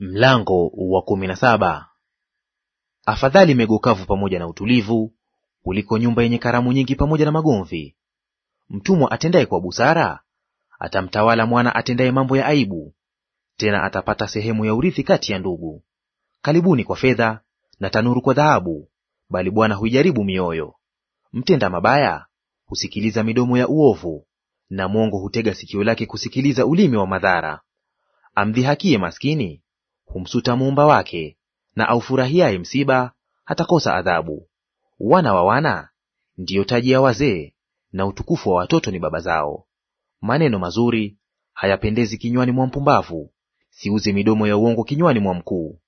Mlango wa kumi na saba. Afadhali mego kavu pamoja na utulivu kuliko nyumba yenye karamu nyingi pamoja na magomvi. Mtumwa atendaye kwa busara atamtawala mwana atendaye mambo ya aibu, tena atapata sehemu ya urithi kati ya ndugu. Kalibuni kwa fedha na tanuru kwa dhahabu, bali Bwana huijaribu mioyo. Mtenda mabaya husikiliza midomo ya uovu, na mwongo hutega sikio lake kusikiliza ulimi wa madhara. Amdhihakie maskini humsuta muumba wake, na aufurahiaye msiba hatakosa adhabu. Wana wa wana ndiyo taji ya wazee, na utukufu wa watoto ni baba zao. Maneno mazuri hayapendezi kinywani mwa mpumbavu, siuze midomo ya uongo kinywani mwa mkuu.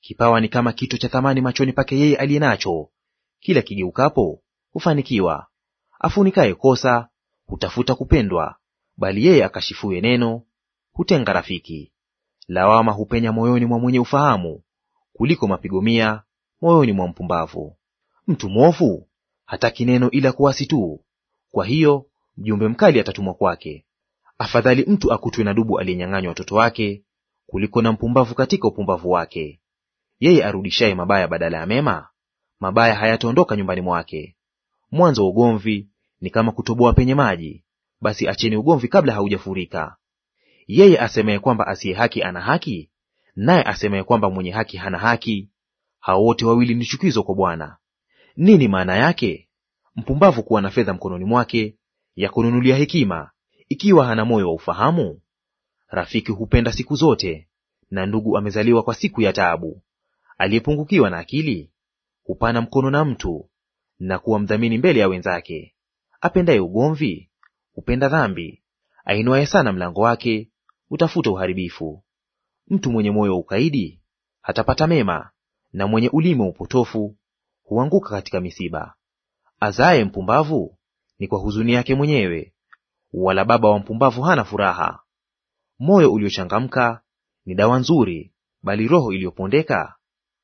Kipawa ni kama kito cha thamani machoni pake yeye aliye nacho, kila kigeukapo hufanikiwa. Afunikaye kosa hutafuta kupendwa, bali yeye akashifuye neno hutenga rafiki. Lawama hupenya moyoni mwa mwenye ufahamu kuliko mapigo mia moyoni mwa mpumbavu. Mtu mwovu hataki neno ila kuasi tu, kwa hiyo mjumbe mkali atatumwa kwake. Afadhali mtu akutwe na dubu aliyenyang'anywa watoto wake kuliko na mpumbavu katika upumbavu wake. Yeye arudishaye mabaya badala ya mema, mabaya hayataondoka nyumbani mwake. Mwanzo wa ugomvi ni kama kutoboa penye maji, basi acheni ugomvi kabla haujafurika. Yeye asemeye kwamba asiye haki ana haki, naye asemeye kwamba mwenye haki hana haki, hao wote wawili ni chukizo kwa Bwana. Nini maana yake? Mpumbavu kuwa na fedha mkononi mwake ya kununulia hekima, ikiwa hana moyo wa ufahamu? Rafiki hupenda siku zote, na ndugu amezaliwa kwa siku ya taabu. Aliyepungukiwa na akili hupana mkono na mtu, na kuwa mdhamini mbele ya wenzake. Apendaye ugomvi hupenda dhambi; ainuaye sana mlango wake utafuta uharibifu. Mtu mwenye moyo wa ukaidi hatapata mema, na mwenye ulimi wa upotofu huanguka katika misiba. Azaye mpumbavu ni kwa huzuni yake mwenyewe, wala baba wa mpumbavu hana furaha. Moyo uliochangamka ni dawa nzuri, bali roho iliyopondeka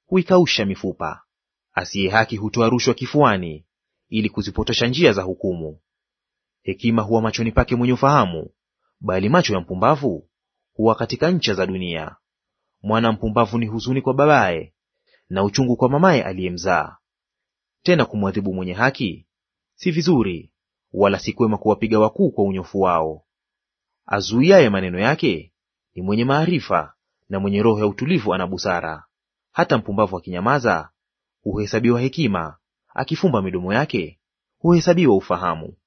huikausha mifupa. Asiye haki hutoa rushwa kifuani, ili kuzipotosha njia za hukumu. Hekima huwa machoni pake mwenye ufahamu, bali macho ya mpumbavu kuwa katika ncha za dunia. Mwana mpumbavu ni huzuni kwa babaye, na uchungu kwa mamaye aliyemzaa. Tena kumwadhibu mwenye haki si vizuri, wala si kwema kuwapiga wakuu kwa unyofu wao. Azuiaye maneno yake ni mwenye maarifa, na mwenye roho ya utulivu ana busara. Hata mpumbavu akinyamaza huhesabiwa hekima, akifumba midomo yake huhesabiwa ufahamu.